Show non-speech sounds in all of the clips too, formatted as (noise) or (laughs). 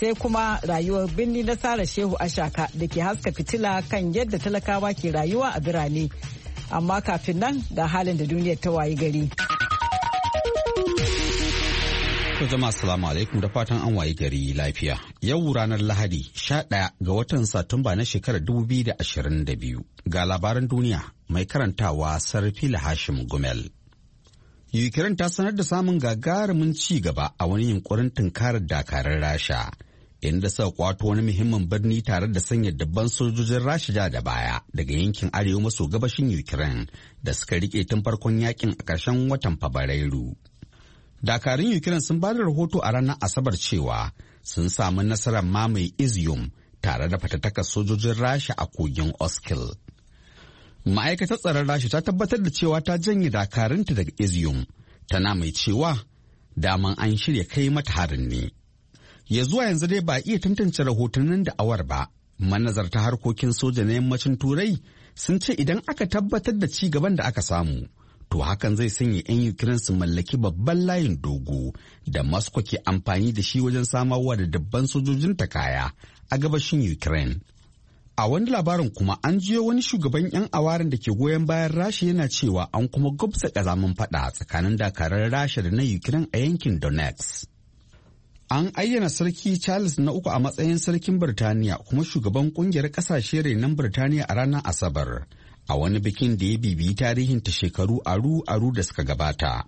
sai kuma rayuwar birni na Sara Shehu Ashaka da ke haska fitila kan yadda talakawa ke rayuwa a birane. Amma kafin nan ga halin da duniyar ta wayi gari. To zama salamu alaikum da fatan an wayi gari lafiya. Yau ranar Lahadi 11 ga watan Satumba na shekarar 2022 ga labaran duniya mai karantawa Sarfila Hashim Gumel. Ukraine ta sanar da samun gagarumin ci gaba a wani yunkurin tunkarar dakarar Rasha, inda suka kwato wani muhimmin birni tare da sanya dabban sojojin Rasha da da baya daga yankin arewa maso gabashin Ukraine da suka rike tun farkon yakin a ƙarshen watan Fabrairu. Dakarun Ukraine sun ba da rahoto a ranar Asabar cewa sun samu nasarar mamaye Izium tare da fatattakar sojojin Rasha a kogin Oskil. ma'aikatar tsaron rasha ta tabbatar da cewa ta janye dakarunta daga izium tana mai cewa daman an shirya kai mata harin ne ya zuwa yanzu dai ba iya tantance rahotannin da awar ba manazarta harkokin soja na yammacin turai sun ce idan aka tabbatar da ci gaban da aka samu to hakan zai sanya 'yan ukraine su mallaki babban layin dogo da moscow ke amfani da shi wajen samarwa da dabban sojojin ta kaya a gabashin ukraine A wani labarin kuma an jiyo wani shugaban 'yan awarin da ke goyon bayan Rasha yana cewa an kuma gwabza ƙazamin faɗa tsakanin dakarar Rasha da na Ukraine a yankin Donetsk. An ayyana Sarki Charles na uku a matsayin Sarkin Birtaniya kuma shugaban kungiyar ƙasashe renon Birtaniya a ranar Asabar, a wani bikin da ya bibiyi ta shekaru aru-aru da suka gabata.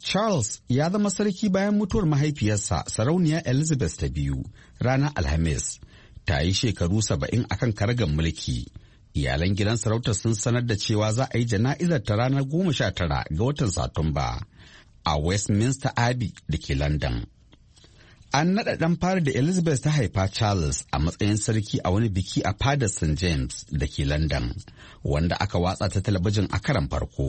Charles ya zama sarki bayan mutuwar mahaifiyarsa sarauniya Elizabeth ta biyu ranar Alhamis ta yi shekaru saba'in akan kargan mulki iyalan gidan sarauta sun sanar da cewa za a yi jana'izar ta ranar goma sha tara ga watan satumba a westminster abbey da ke london an naɗa ɗan fara da elizabeth ta haifa charles a matsayin sarki a wani biki a fadar st james da ke london wanda aka watsa ta talabijin a karan farko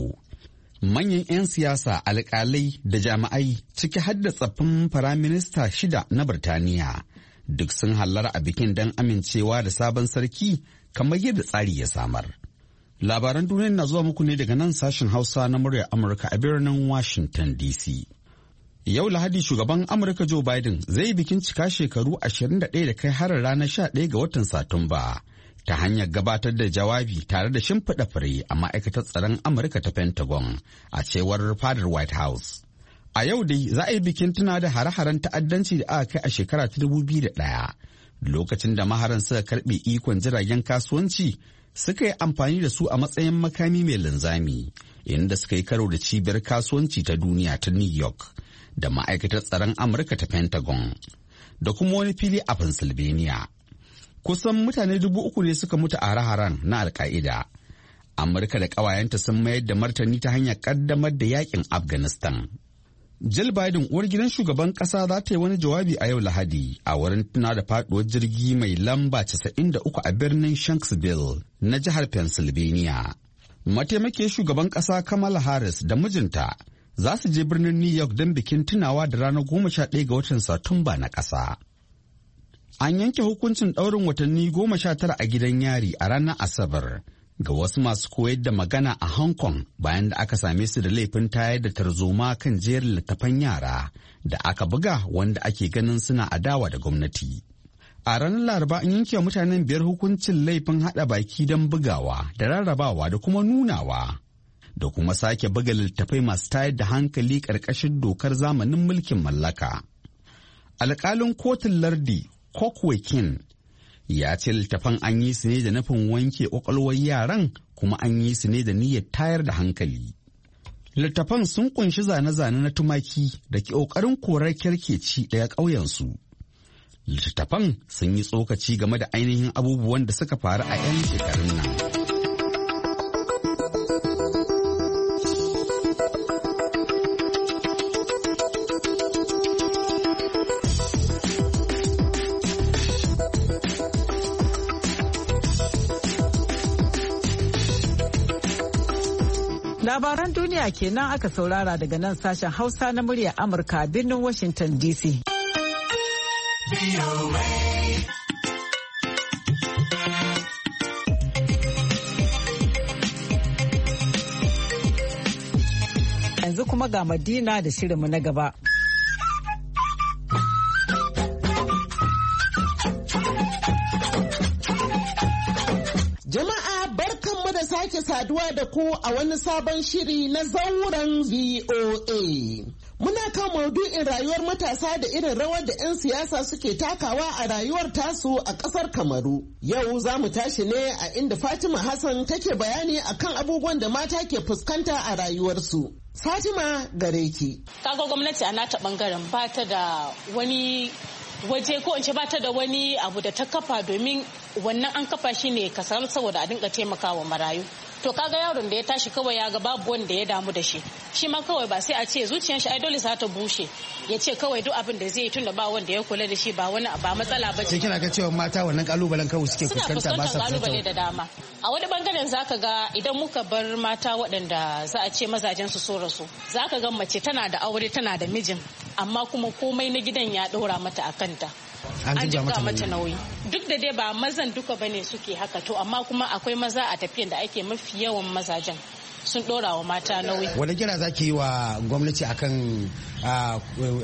manyan 'yan siyasa alƙalai da jami'ai ciki har da tsaffin firaminista shida na birtaniya duk sun hallara a bikin don amincewa da sabon sarki kamar yadda tsari ya samar. Labaran duniya na zuwa muku ne daga nan sashen Hausa na murya Amurka a birnin Washington DC. Yau Lahadi shugaban Amurka Joe Biden zai bikin cika shekaru 21 da kai har ranar 11 ga watan Satumba ta hanyar gabatar da jawabi tare da shimfiɗa fure a ma'aikatar tsaron Amurka ta Pentagon a cewar fadar White House. A yau dai za a yi bikin tuna da hare-haren ta'addanci da aka kai a shekara ta dubu biyu da ɗaya, lokacin da maharan suka karɓe ikon jiragen kasuwanci suka yi amfani da su a matsayin makami mai linzami, inda suka yi karo da cibiyar kasuwanci ta duniya ta New York da ma'aikatar tsaron Amurka ta Pentagon da kuma wani fili a Pennsylvania. Kusan mutane dubu uku ne suka mutu a hare-haren na Alka'ida. Amurka da ƙawayenta sun mayar da martani ta hanyar ƙaddamar da yakin Afghanistan. Jill Biden uwar gidan shugaban kasa za ta yi wani jawabi a yau Lahadi a wurin tuna da faduwar jirgi mai lamba 93 a birnin Shanksville na jihar Pennsylvania. Mataimakiyar shugaban kasa Kamala Harris da mijinta za su je birnin New York don bikin tunawa da ranar 11 ga watan Satumba na kasa. An yanke hukuncin daurin watanni 19 a gidan yari a ranar Asabar ga wasu masu koyar da magana a Hong Kong bayan da aka same su da laifin tayar da tarzoma kan jerin littafan yara da aka buga wanda ake ganin suna adawa da gwamnati. A ranar Laraba an yanke mutanen biyar hukuncin laifin haɗa baki don bugawa da rarrabawa da kuma nunawa. Da kuma sake buga littafai masu tayar da hankali ƙarƙashin dokar zamanin mulkin mallaka. Alƙalin kotun lardi Kokwe King ya ce littafan an yi su ne da nufin wanke kwakwalwar yaran kuma an yi su ne da niyyar tayar da hankali. Littafan sun kunshi zane-zane na tumaki da ke ƙoƙarin korar kyarkeci daga ƙauyensu. Littafan sun yi tsokaci game da ainihin abubuwan da suka faru a 'yan shekarun nan. duniya kenan aka saurara daga nan sashen Hausa na murya Amurka a birnin Washington DC. Yanzu kuma ga Madina da shirinmu na gaba. sake saduwa da ku a wani sabon shiri na zauren VOA. Muna kan maudu'in rayuwar matasa da irin rawar da 'yan siyasa suke takawa a rayuwar tasu a ƙasar Kamaru. Yau za mu tashi ne a inda Fatima Hassan take bayani akan abubuwan da mata ke fuskanta a rayuwarsu. Fatima gare ki. Kaga gwamnati a nata bangaren ba ta da wani waje ko in ce bata da wani abu da ta kafa domin wannan an kafa shi ne kasar saboda a dinga taimakawa marayu to kaga yaron da ya tashi kawai ya ga babu wanda ya damu da shi shi ma kawai ba sai a ce zuciyar shi idol dole za ta bushe ya ce kawai duk abin da zai yi tunda ba wanda ya kula da shi ba wani ba matsala ba ce kina ga cewa mata wannan kalubalen kawai suke fuskanta ba sa kalubale da dama a wani bangaren zaka ga idan muka bar mata waɗanda za a ce mazajen su so rasu zaka ga mace tana da aure tana da mijin amma kuma komai na gidan ya ɗora mata a kanta an jiga mata nauyi duk da dai ba mazan duka bane suke haka to amma kuma akwai maza a tafiyan da ake mafi yawan mazajen sun ɗora wa mata nauyi. Wani gina za yi wa gwamnati akan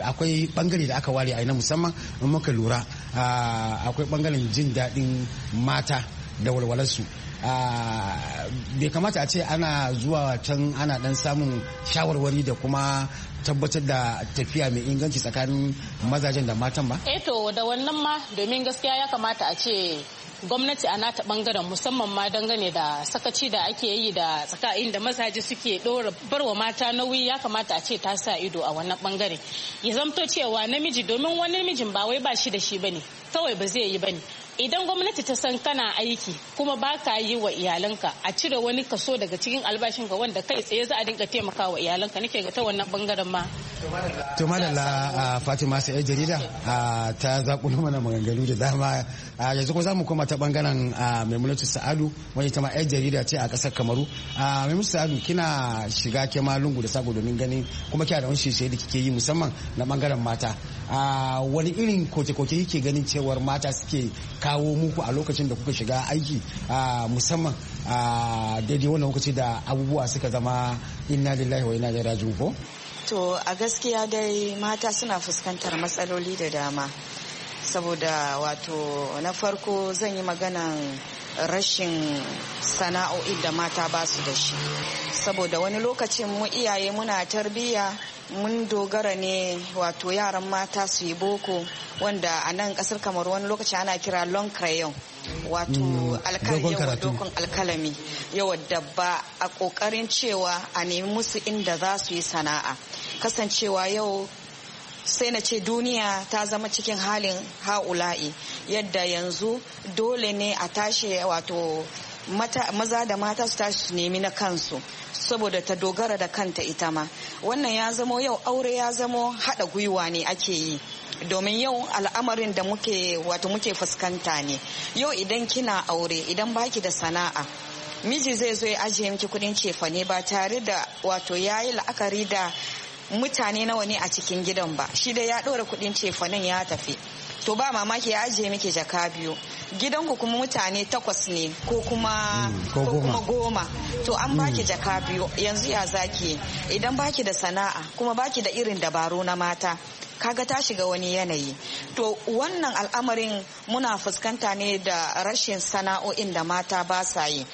akwai bangare da aka ware a ina musamman in muka lura akwai bangaren jin daɗin mata da walwalarsu Ah, bai kamata a ce ana zuwa can ana dan samun shawarwari da kuma tabbatar da tafiya mai inganci tsakanin mazajen da matan ba? Eto eh da wannan ma domin gaskiya ya kamata a ce gwamnati a nata bangaren musamman ma dangane da sakaci da ake yi da tsakain da mazaje suke dora barwa mata nauyi ya kamata a ce ta sa ido a wannan bangare ya zamto cewa namiji domin wani namijin ba wai ba shi da shi bane kawai ba zai yi bane idan gwamnati ta san kana aiki kuma ba ka yi wa iyalanka a cire wani kaso daga cikin albashin ga wanda kai tsaye za a dinga taimaka wa iyalanka nake ga ta wannan bangaren ma to madalla fatima sai yar jarida ta na mana maganganu da dama yanzu ko za mu koma ta bangaren maimunatu sa'adu wani ta ma yar jarida ce a kasar kamaru maimunatu sa'adu kina shiga ke ma lungu da sako domin ganin kuma kina da wani shirye da kike yi musamman na bangaren mata wani irin koke-koke kike ganin cewar mata suke ka kawo muku a lokacin da kuka shiga aiki musamman a daidai wannan lokaci da abubuwa suka zama inna lillahi wa inna ilaihi raji'un ko to a gaskiya dai mata suna fuskantar matsaloli da dama saboda wato na farko zan yi maganan rashin sana'o'i da mata ba su da shi saboda wani lokacin mu iyaye muna tarbiyya mun dogara ne wato yaran mata su yi boko wanda a nan kasar kamar wani lokaci ana kira long crayon wato mm. dokon alkalami yawa ba a kokarin cewa a nemi musu inda za su yi sana'a kasancewa yau sai na ce duniya ta zama cikin halin ha'ula'i yadda yanzu dole ne a tashi wato maza da mata su tashi su nemi na kansu saboda ta dogara da kanta ita ma wannan ya zamo yau aure ya zamo haɗa gwiwa ne ake yi domin yau al'amarin da muke wato muke fuskanta ne yau idan kina aure idan baki da sana'a miji zai zo ya ajiye miki kudin cefane ba tare da wato ya yi la'akari da mutane nawa ne a cikin gidan ba shi da ya ɗora kudin cefanen ya tafi to ba mamaki ya ajiye miki jaka biyu gidanku kuma mutane takwas ne ko kuma hmm, goma to an baki hmm. jaka biyu yanzu ya zaki idan baki da sana'a kuma baki da irin dabaru na mata kaga ta shiga wani yanayi to wannan al'amarin muna fuskanta ne da rashin sana'o'in da mata ba sa yi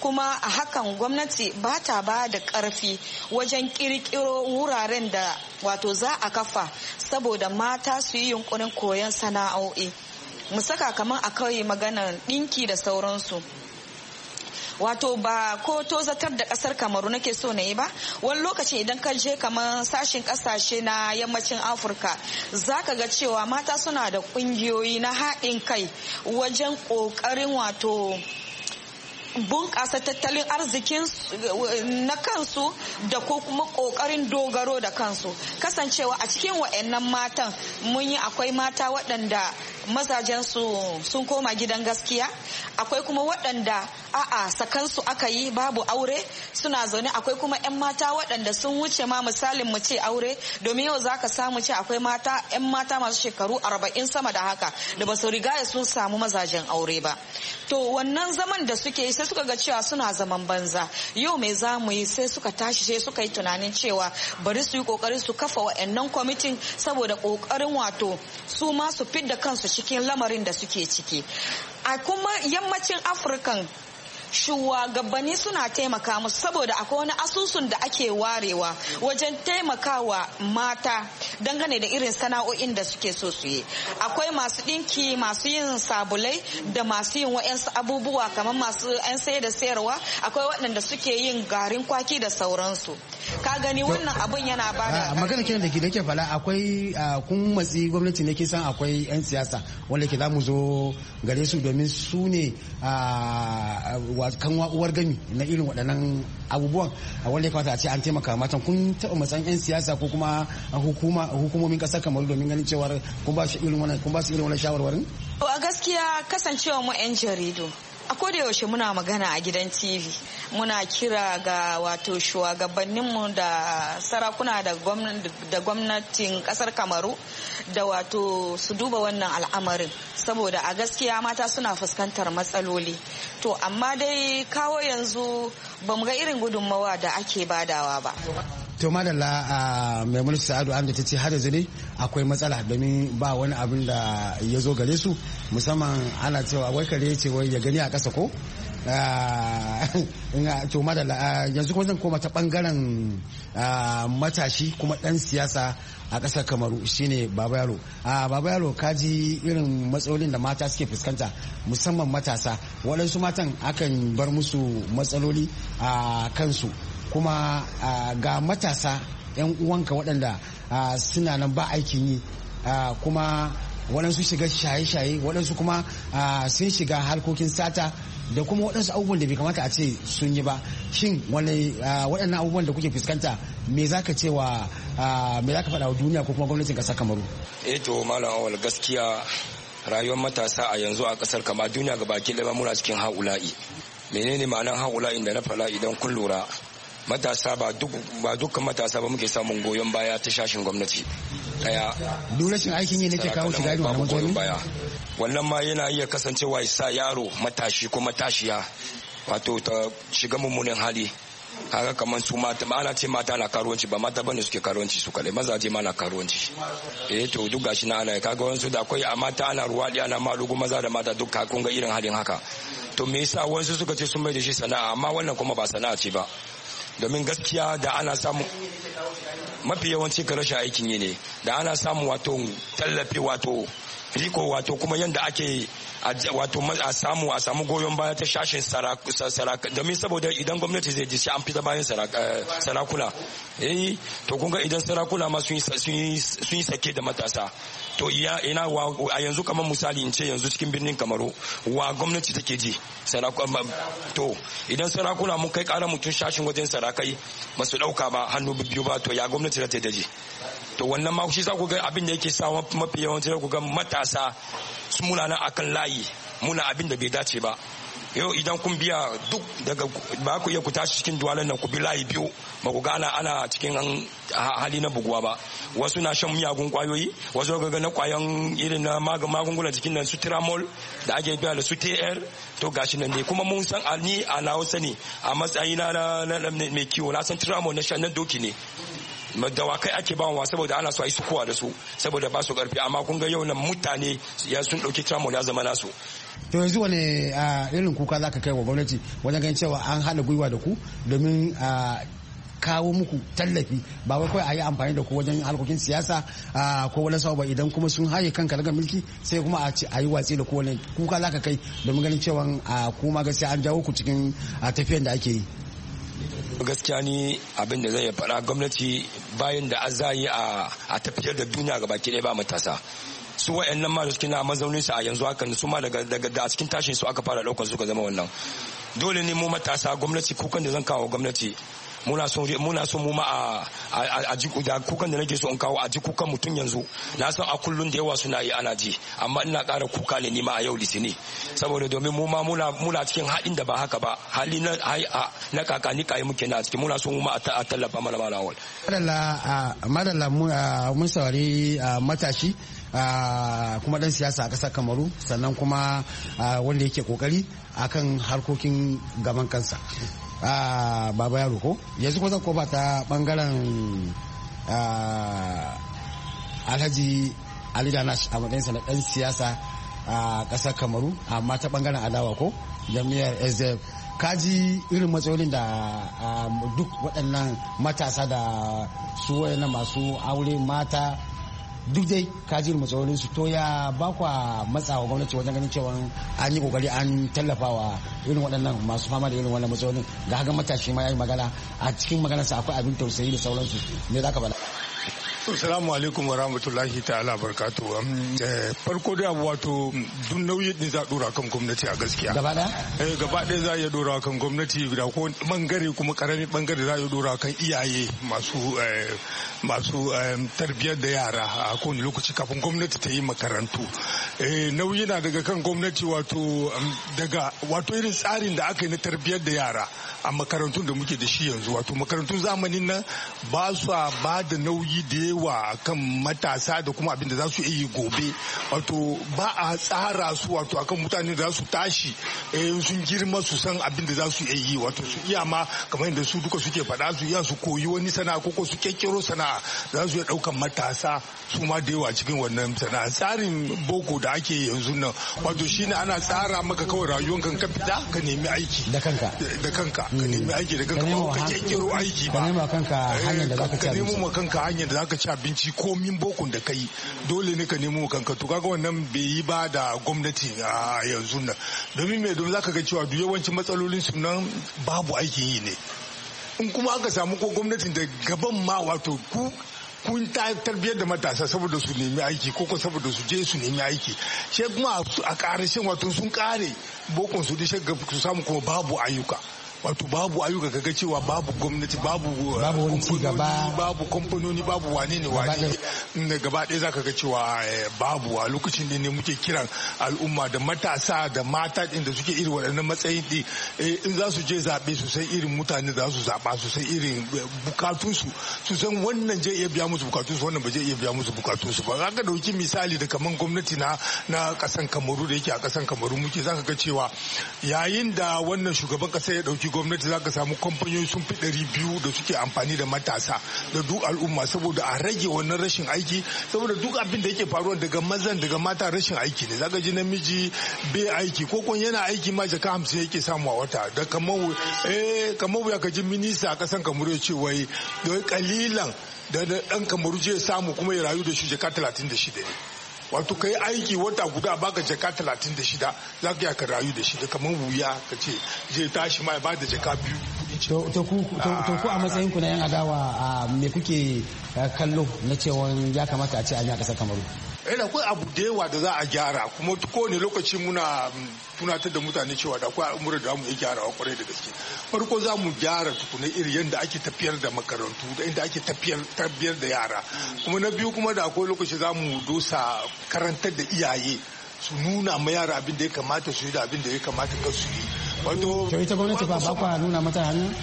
kuma a hakan gwamnati ba ta ba da ƙarfi wajen ƙirƙiro wuraren da wato za a kafa saboda mata su yi yunkurin koyon sana'o'i mu saka kamar a kawai maganar ɗinki da sauransu wato ba ko tozatar da kasar kamaru nake so na yi ba wani lokaci idan ka je kamar sashen kasashe na yammacin afirka za ka ga cewa mata suna da kungiyoyi na haɗin kai wajen ƙoƙarin wato bunƙasa tattalin arzikin na kansu da ko kuma ƙoƙarin dogaro da kansu kasancewa a cikin wa'annan matan mun yi akwai mata waɗanda mazajensu sun koma gidan gaskiya akwai kuma waɗanda a'a sakansu aka yi babu aure suna zaune akwai kuma 'yan mata waɗanda sun wuce ma misalin mu ce aure domin yau za ka samu ce akwai mata 'yan mata masu shekaru arba'in sama da haka da ba su riga sun samu mazajen aure ba to wannan zaman da suke yi sai suka ga cewa suna zaman banza yau mai za mu yi sai suka tashi sai suka yi tunanin cewa bari su yi kokarin su kafa wa'annan kwamitin saboda kokarin wato su ma su fidda kansu cikin lamarin da suke ciki a kuma yammacin afirkan shugabanni suna taimaka musu saboda akwai wani asusun da ake warewa wajen taimakawa mata dangane da irin sana'o'in da suke so su yi akwai masu ɗinki masu yin sabulai da masu yin wa'yansu abubuwa kamar masu 'yan sayar da sayarwa akwai waɗanda suke yin garin kwaki da sauransu ka gani wannan abun yana ba da ah, magana kenan da ke ke fala akwai ah, kun matsi gwamnati ne san akwai 'yan siyasa wanda ke za mu zo gare su domin su ne ah, kanwa uwar gami na irin waɗannan abubuwan a wanda ya kamata a ce an taimaka matan kun taɓa matsan 'yan siyasa ko kuma hukumomin ƙasar kamar domin ganin cewar kun ba su irin wannan shawarwarin? a gaskiya kasancewa mu 'yan jaridu a koda yaushe muna magana a gidan tv muna kira ga wato shugabanninmu da sarakuna da gwamnatin kasar kamaru da wato su duba wannan al'amarin saboda a gaskiya mata suna fuskantar matsaloli to amma dai kawo yanzu ba mu ga irin gudunmawa da ake badawa ba to madalla a maimunu sa'adu an ta ce har yanzu ne akwai matsala domin ba wani abin da ya zo gare su musamman ana cewa wai kare ce wai ya gani a ƙasa ko to madalla yanzu kuma zan koma ta bangaren matashi kuma dan siyasa a ƙasar kamaru shine baba yaro baba yaro ka ji irin matsalolin da mata suke fuskanta musamman matasa waɗansu matan akan bar musu matsaloli a kansu kuma ga matasa 'yan uwanka waɗanda suna nan ba aikin yi kuma waɗansu shiga shaye-shaye waɗansu kuma sun shiga harkokin sata da kuma waɗansu abubuwan da bai kamata a ce sun yi ba shin waɗannan abubuwan da kuke fuskanta me za ka ce wa me za ka faɗa wa duniya ko kuma gwamnatin ƙasar kamaru eh malam awal gaskiya rayuwar matasa a yanzu a ƙasar kama duniya ga baki ɗaya muna cikin haula'i menene ma'anar haula'in da na faɗa idan kun lura matasa ba dukkan matasa ba muke samun goyon baya ta shashin gwamnati daya duk rashin aikin yi nake kawo shiga da goyon baya wannan ma yana iya kasancewa ya sa yaro matashi ko matashiya wato ta shiga mummunan hali haka kamar su mata ana ce mata na karuwanci ba mata bane suke karuwanci su kadai mazaje ma na karuwanci eh to duk gashi na ana kaga wansu da koyi a mata ana ruwaɗi ana malugu maza da mata duk kun ga irin halin haka to me yasa wansu suka ce sun mai da shi sana'a amma wannan kuma ba sana'a ce ba domin gaskiya da ana samu mafi yawanci ka rashin aikin yi ne da ana samu wato tallafi wato riko wato kuma yanda ake wato a samu a samu goyon baya ta shashin sarakuna domin saboda idan gwamnati zai ji an fita bayan eh, sarakuna eh to kun ga idan sarakuna ma sun yi sake da matasa to ina a yanzu kamar misali in ce yanzu cikin birnin kamaru wa gwamnati take ji to idan sarakuna mun kai kara tun shashin wajen sarakai ba su dauka ba hannu biyu ba to ya gwamnati za ta ji to wannan ma shi za ku ga abin da yake sa mafi yawanci ku ga matasa su muna nan akan layi muna abin da bai dace ba yau idan kun biya duk daga ba ku iya ku tashi cikin duwalan nan ku bi layi biyu ba ku gana ana cikin hali na buguwa ba wasu na shan miyagun kwayoyi wasu ga na kwayan irin na magungunan cikin nan su tiramol da ake biya da su tr to gashi nan ne kuma mun san ni a na ne a matsayina na mai kiwo na san tiramol na shan nan doki ne dawakai ake wa saboda ana so a yi sukuwa da su saboda ba su karfi amma kun ga yau nan mutane ya sun dauki tramol ya zama nasu to yanzu wani irin kuka za kai wa gwamnati wajen ganin cewa an haɗa gwiwa da ku domin kawo muku tallafi ba wai kawai a yi amfani da ku wajen harkokin siyasa ko wani sau idan kuma sun haye kan daga mulki sai kuma a yi watsi da ku wani kuka zaka kai domin ganin cewa kuma gaskiya an jawo ku cikin tafiyan da ake yi gaskiya ni abin da zai faɗa gwamnati bayan da za yi a tafiyar da duniya ga baki ɗaya ba matasa su wa'yan nan masu suke na mazaunin su a yanzu hakan su ma daga da cikin tashin su aka fara ɗaukar ka zama wannan dole ne mu matasa gwamnati kukan da zan kawo gwamnati muna so muna so mu ma a a ji kukan da nake so in kawo a ji kukan mutum yanzu na san a kullun da yawa suna yi ana ji amma ina ƙara kuka ne nima a yau litini saboda domin mu ma muna muna cikin haɗin da ba haka ba hali na a na kakani kai muke na cikin muna so mu ma a tallafa mana malawal madalla madalla mun saurari matashi kuma dan siyasa a kasar kamaru sannan kuma wanda yake kokari akan harkokin gaban kansa a baba yaro ko yanzu ko zan koba ta bangaren alhaji ali danash a matsayinsa na dan siyasa a kasar kamaru amma ta bangaren adawa ko jami'ar sdf ji irin matsalolin da duk waɗannan matasa da su waɗannan masu aure mata duk dai kajin matsalolin su to ya ba kwa matsawa gwamnati wajen ganin cewa an yi kokari an tallafawa irin waɗannan masu fama da irin wannan matsalolin ga hagan matashi ma ya yi magana a cikin maganarsa akwai abin tausayi da sauransu ne za ka bala. Assalamu alaikum wa rahmatullahi ta'ala barkatu. Um, eh, farko da wato mm, dun nauyi din za a dora kan gwamnati a gaskiya. Gaba Eh Gaba ɗaya za a iya dora kan gwamnati da ko bangare kuma karamin bangare za a iya dora kan iyaye masu eh, masu tarbiyyar da yara a kowane lokaci kafin gwamnati ta yi makarantu. Eh, nauyi na daga kan gwamnati wato daga wato irin tsarin da aka yi na tarbiyyar da yara a makarantun da muke da shi yanzu wato makarantun zamanin nan ba su ba da nauyi da wa kan matasa da kuma abin da za su yi gobe wato ba a tsara su wato akan mutane da za su tashi eh, sun girma su san abin da za su yi wato su iya ma kamar yadda su duka suke faɗa su iya su koyi wani sana'a ko su kekkero sana'a za su iya ɗaukan matasa su ma da yawa cikin wannan sana'a tsarin boko da ake yanzu nan wato shine ana tsara maka kawai rayuwar kan ka fita ka nemi aiki da kanka da kanka ka nemi aiki da kanka ba ka kekkero aiki ba ka nemi ma kanka hanyar da zaka ci ci abinci ko min bokun da kai dole ne ka nemo kanka to kaga wannan bai yi ba da gwamnati a yanzu nan domin me domin zaka ga cewa duk yawancin matsalolin su nan babu aikin yi ne in kuma aka samu ko gwamnatin da gaban ma wato ku kun tarbiyyar da matasa saboda su nemi aiki ko ko saboda su je su nemi aiki sai kuma a ƙarshen wato sun kare bokon su da su samu kuma babu ayyuka wato babu ayyuka kaga cewa babu gwamnati babu uh, babu wani babu kamfanoni babu wane ne wane ne gaba ɗaya zaka ga cewa eh, babu a lokacin ne muke kiran al'umma da matasa da mata din da suke irin waɗannan matsayin ɗi eh, in za su je zaɓe su san irin mutane za su zaɓa su san irin eh, bukatunsu su san wannan je iya biya musu bukatunsu wannan ba je iya biya musu bukatunsu ba za ka ɗauki misali da kamar gwamnati na na ƙasan kamaru da yake a ƙasan kamaru muke za ka ga cewa yayin da wannan shugaban ƙasa ya ɗauki gwamnati za ka samu kamfanoni sun fi ɗari biyu da suke amfani da matasa da duk al'umma saboda a rage wannan rashin aiki saboda duk abin da yake faruwa daga mazan daga mata rashin aiki ne za ka ji namiji bai aiki ko kun yana aiki ma jaka hamsin yake samu a wata da kamar eh kamar wuya ka ji minista a kasan ya ce wai da kalilan da ɗan kamaru je samu kuma ya rayu da shi jaka talatin da shida ne wato ka aiki wata guda baka jaka talatin da shida za ka ka rayu da shida kamar wuya ka ce je tashi ma ba da jaka biyu to ku a matsayin ku na yan adawa me kuke eh, kallo na cewa ya kamata a ce an yi a kasar kamaru yana akwai abu da yawa da za a gyara kuma kowane lokaci muna mm, tunatar da mutane cewa da akwai al'amuran da mu iya gyarawa kwarai da gaske farko za mu gyara tukuna iri yadda ake tafiyar da makarantu da inda ake tafiyar da yara kuma na biyu kuma da akwai lokaci za mu dosa karantar da iyaye su nuna ma yara abin da ya kamata su yi da abin da ya kamata ka su yi wato ita gwamnati ba ba nuna mata hannu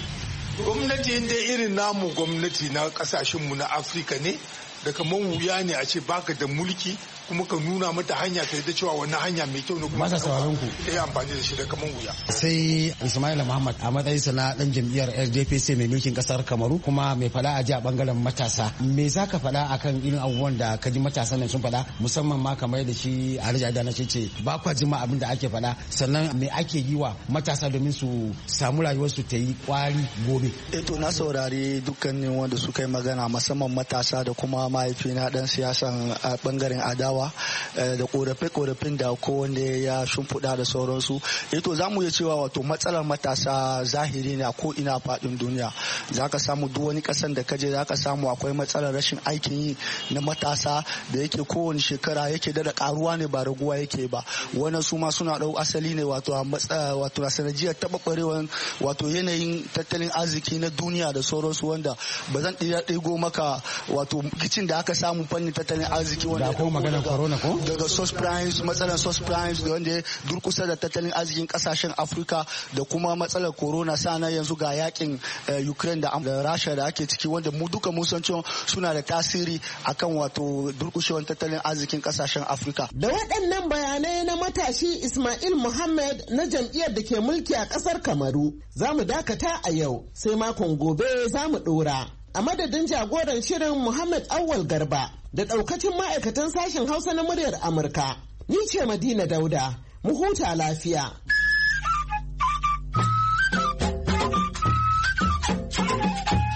gwamnati inda irin namu gwamnati na kasashenmu na afirka ne da kamar wuya ne a ce baka da mulki kuma ka nuna mata hanya ta yadda cewa wannan hanya mai kyau ne kuma ta sauraron ku eh amfani da shi da kaman wuya sai Ismail Muhammad a matsayinsa na dan jam'iyyar RDPC mai mulkin kasar Kamaru kuma mai fada a ji a bangaren matasa me zaka fada akan irin abubuwan da ka ji matasa ne sun fada musamman ma kamar da shi Alhaji Adana shi ce ba kwa jima abin da ake fada sannan me ake yi wa matasa domin su samu rayuwar su ta yi kwari gobe eh to na saurari dukkanin wanda suka yi magana musamman matasa da kuma mahaifina dan siyasan a bangaren adawa tattaunawa eh, da korafe-korafin da kowanne ya shimfiɗa da sauransu eh, to za mu iya cewa wato matsalar matasa zahiri ne a ko ina faɗin duniya za ka samu duk wani ƙasan da kaje za ka samu akwai matsalar rashin aikin yi na matasa da yake kowane shekara yake da karuwa ne ba raguwa yake ba wannan su ma suna ɗau asali ne wato a wato a sanadiyar taɓa wato yanayin tattalin arziki na duniya da sauransu wanda ba zan ɗigo maka wato kicin da aka samu fannin tattalin arziki wanda ko magana corona ko daga subprimes matsalar primes da wanda ya durkusa da tattalin arzikin kasashen afirka da kuma matsalar corona sana yanzu ga yakin eh, ukraine da rasha da ake ciki wanda mu duka mun san cewa suna da tasiri akan wato durkushewar tattalin arzikin kasashen Afrika. da waɗannan bayanai na matashi ismail muhammad na jam'iyyar da ke mulki a ƙasar kamaru za mu dakata a yau sai makon gobe za mu ɗora a madadin jagoran shirin Muhammad Awal Garba da ɗaukacin ma'aikatan sashen Hausa na muryar Amurka. Ni ce Madina Dauda, mu huta lafiya.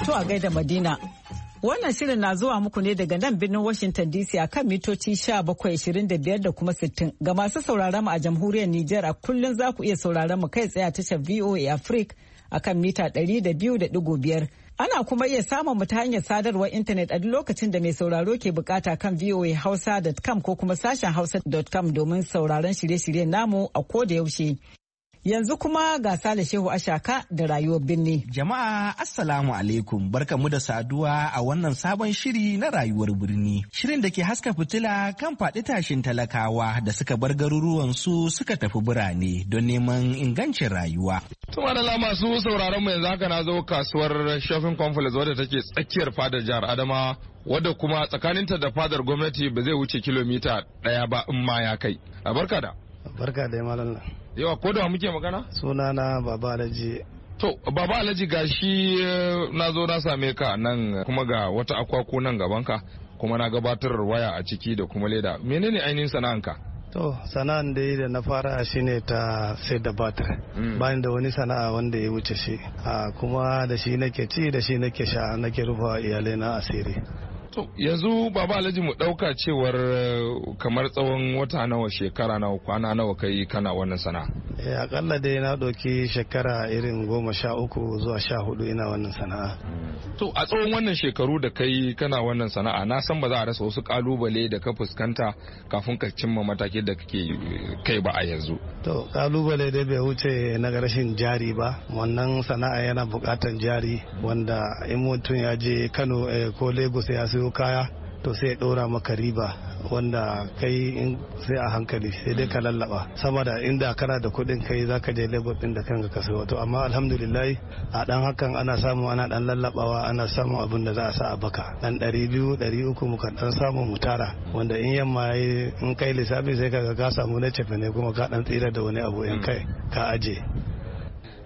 To a gaida Madina. Wannan shirin na zuwa muku ne daga nan birnin Washington DC a kan mitoci 1725 da kuma 60. Ga masu sauraron mu a jamhuriyar Nijar a kullum za ku iya sauraron mu kai tsaye a tashar VOA Africa a kan mita 200.5. Ana kuma iya samun mu ta hanyar sadarwar intanet a duk lokacin da mai sauraro ke bukata kan voahausa.com ko kuma sashen hausa.com domin sauraron shirye-shiryen namu a ko da yaushe. Yanzu kuma ga Sale Shehu Ashaka da rayuwar birni. Jama'a Assalamu alaikum barkamu da saduwa a wannan sabon shiri na rayuwar birni. Shirin da ke haska fitila kan faɗi tashin talakawa da suka bar garuruwan su suka tafi birane don neman ingancin rayuwa. Tuma da masu sauraron mu yanzu haka na zo kasuwar Shopping Complex wadda take tsakiyar fadar jihar Adama wadda kuma tsakaninta da fadar gwamnati ba zai wuce kilomita ɗaya ba in ma ya kai. Abarka da. Abarka da yawa ko da muke magana Suna na baba alhaji To, Baba Alhaji gashi eh, na zo na same ka nan kuma ga wata akwako nan gabanka kuma na gabatar waya a ciki da kuma leda. Menene ainihin sana'anka? To, sana'an da da na fara shi ne ta sai da batir. Mm. Bayan da wani sana'a wanda ya wuce shi. Ah, kuma da shi nake ci da shi nake sha nake rufa iyalai na asiri. To yanzu baba Alhaji mu dauka cewar eh, kamar tsawon wata nawa shekara nawa kwana nawa kai kana wannan sana'a. Eh akalla dai na doki shekara irin goma sha uku zuwa sha hudu ina wannan sana'a. To a tsawon wannan shekaru da kai kana wannan sana'a na san ba za a rasa wasu kalubale da ka fuskanta kafin ka cimma matakin da kake eh, kai ba a yanzu. To kalubale dai bai wuce na rashin jari ba wannan sana'a yana bukatan jari wanda in mutum ya je Kano eh, ko Lagos ya siyo kaya to sai ya ɗora maka riba wanda kai in sai a hankali sai dai ka lallaba sama da inda kana da kuɗin kai za ka je lebar ɗin da kanka ka sayo to amma alhamdulillah a dan hakan ana samu ana dan lallabawa ana samun abin da za a sa a baka dan ɗari biyu ɗari uku muka dan samu mu tara wanda in yamma in kai lissafi sai ka ka samu na cefe ne kuma ka dan tsira da wani abu in hmm. kai ka aje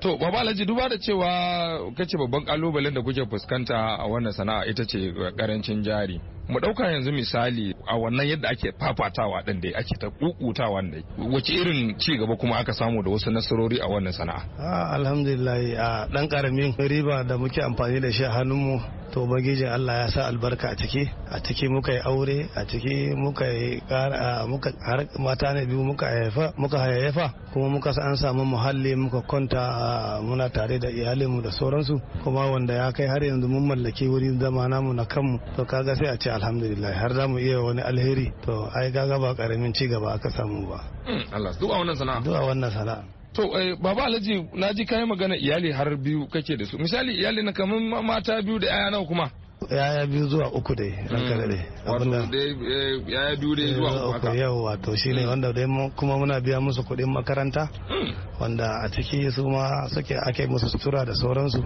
To, Baba Alhaji duba da cewa kace babban kalubalen da kuke fuskanta a wannan sana'a ita ce karancin jari. Mu ɗauka yanzu misali a wannan yadda ake fafatawa din da ake ta kukutawa da wace irin ci gaba kuma aka samu da wasu nasarori a wannan sana'a. Ah, Alhamdulillah dan karamin. riba da muke amfani da shi a hannunmu to magijin Allah ya sa albarka a ciki a ciki muka yi aure a ciki muka yi kara muka har mata ne biyu muka haifa muka haifa kuma muka an samu muhalli muka kwanta muna tare da iyalinmu da sauransu kuma wanda ya kai har yanzu mun mallaki wuri zama namu na kanmu to kaga sai a ce alhamdulillah har za iya wani alheri to ai kaga ba karamin ci gaba aka samu ba hmm, Allah du'a wannan sana'a du'a wannan sana'a To eh, baba Alhaji na ji kayan magana iyali har biyu kake da su misali iyali na kamar mata biyu da yaya nawa kuma. yaya biyu zuwa uku dai hmm. ranka da dai wato eh, yaya biyu dai zuwa uku yau wato shi ne. Hmm. wanda dai kuma muna biya musu kuɗin makaranta hmm. wanda a ciki su ma suke ake musu sutura da sauransu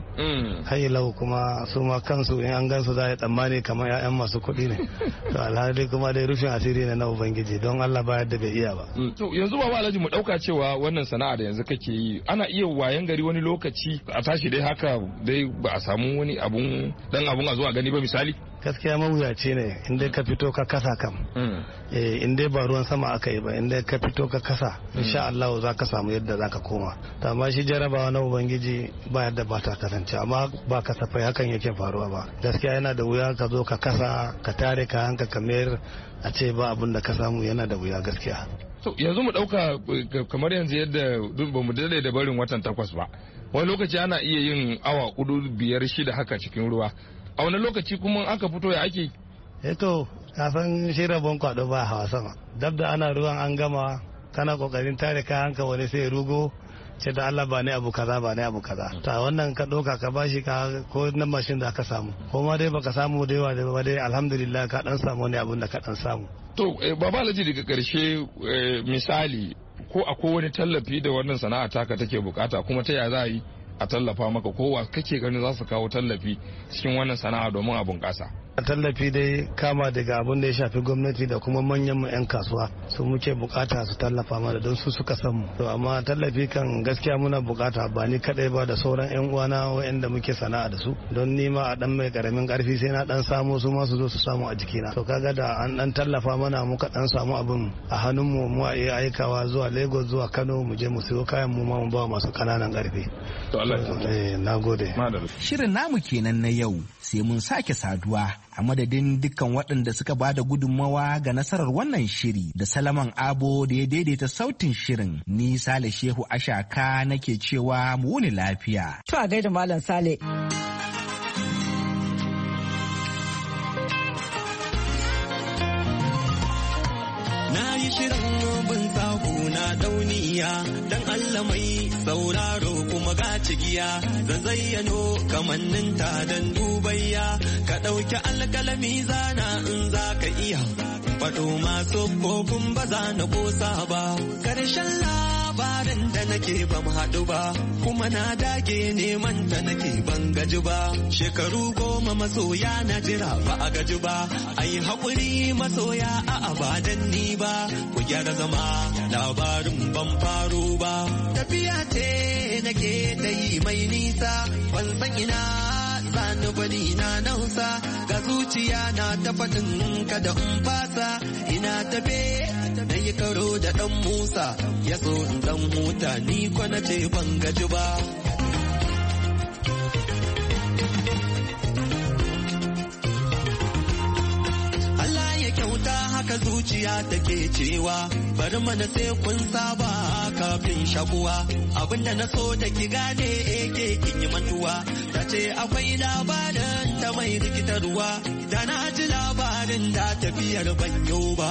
lau kuma su ma kansu in an gansu za a yi tsammani kamar 'ya'yan masu kuɗi ne (laughs) to alhali kuma dai rufin asiri ne na ubangiji don allah baya da bai iya ba yanzu ba alhaji mu ɗauka cewa wannan sana'a da yanzu kake yi ana iya wayan gari wani lokaci a tashi dai haka dai ba a samu wani abun dan abun a zuwa gani Ni ba misali gaskiya mawuyaci ne inda ka fito ka kasa kam hmm. eh, inda ba ruwan sama aka yi ba inda ka fito ka kasa hmm. insha Allah za ka samu yadda za ka koma ta amma shi jarabawa na ubangiji ba yadda ba ta kasance amma ba kasafai hakan yake faruwa ba gaskiya yana da wuya ka zo ka kasa ka tare ka hanka ka mayar a ce ba abin da ka samu yana da wuya gaskiya yanzu mu dauka eh, kamar yanzu yadda ba mu dade da barin watan takwas ba wani lokaci ana iya yin awa kudu biyar shida haka cikin ruwa a wani lokaci kuma aka fito ya ake eto eh kafin shi rabon kwado ba hawa sama dab da ana ruwan an gama kana kokarin tare kayanka wani sai rugo ce da Allah ba ne abu kaza ba ne abu kaza ta wannan ka ɗauka ka bashi ka ko nan mashin da ka samu ko ma dai baka samu da yawa ba dai alhamdulillah ka dan samu wani abun da ka dan samu to eh, baba laji daga karshe eh, misali ko akwai wani tallafi da wannan sana'a taka take bukata kuma ta ya za a yi a tallafa maka kowa kake gani za su kawo tallafi cikin wannan sana'a domin a bunƙasa tallafi dai kama daga abin da ya shafi gwamnati da kuma manyan mu 'yan kasuwa su muke bukata su tallafa mana don su suka san mu to amma tallafi kan gaskiya muna bukata ba ni kadai ba da sauran 'yan uwana da muke sana'a da su don ni ma a dan mai karamin karfi sai na dan samu su ma su zo su samu a jikina to kaga da an dan tallafa mana muka dan samu abin a hannun mu mu iya aikawa zuwa Lagos zuwa Kano mu je mu siyo kayan mu ma mu ba masu kananan karfi to Allah ya eh, nagode shirin namu kenan na yau sai mun sake saduwa a madadin dukkan waɗanda suka ba da gudunmawa ga nasarar wannan shiri da salaman abo da ya daidaita sautin shirin ni sale shehu ashaka nake cewa mu wuni lafiya to a gaida malam sale Ɗauniya dan Allah mai sauraro kuma ga cigiya zan zayyano kamanninta dan dubayya ka ɗauki alkalami zana in za ka iya faɗo masu kofin ba za na kosa ba. Karshen labarin da nake ban haɗu ba, kuma na dage neman ta nake ban gaji ba. Shekaru goma masoya na jira ba a gaji ba, yi haƙuri masoya a abadan ni ba. Ku gyara zama labarin ban faro ba, tafiya ce nake ta yi mai nisa, ban san ina bani bari na nausa ga zuciya na ta faɗin kada in fasa ina tafe na yi karo da dan musa ya so in dan huta ni kwana ce ban gaji ba wuta haka zuciya take cewa bari mana sai kun saba kafin shakuwa abinda na so da ki gane eke kin yi mantuwa ta ce akwai labarin ta mai rikitarwa da na ji labarin da tafiyar ban yau ba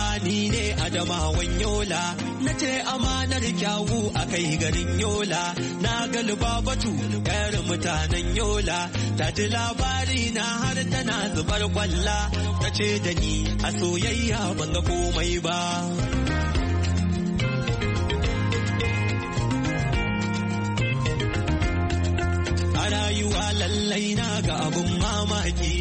ni ne adamawan yola na ce amanar kyawu a kai garin yola na galiba batu yar mutanen yola ta ji labari na har tana zubar kwalla ta ce da ni a soyayya ban ga komai ba rayuwa lallai na ga abun mamaki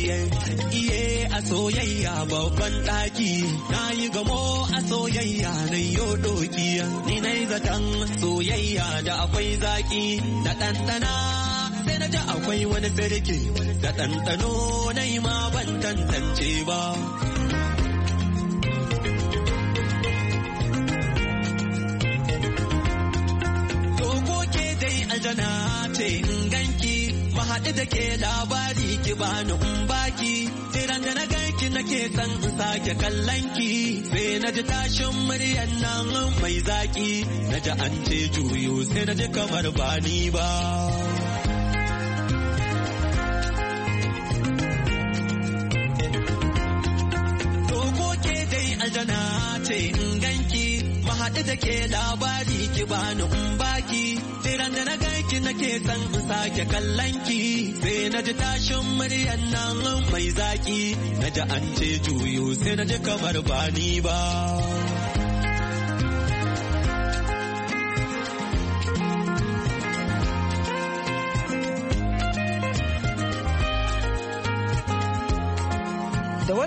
iye a soyayya babban ɗaki na yi gamo a soyayya na yo doki ni na yi zaton soyayya da akwai zaki na ɗanɗana sai na ji akwai wani birki da ɗanɗano na yi ma ban tantance ba. Dokoke dai aljana ce in haɗu da ke labari ki bani in baki tiran da na ganki nake san in sake kallon ki sai na ji tashin muryan nan mai zaki na ji an ce juyo sai na ji kamar ba ni ba Aljana ce in haɗu da ke labari ki bani in baki tiran da na ganki nake san in sake kallon ki sai na ji tashin muryan nan mai zaki na ji an ce juyo sai na ji kamar bani ba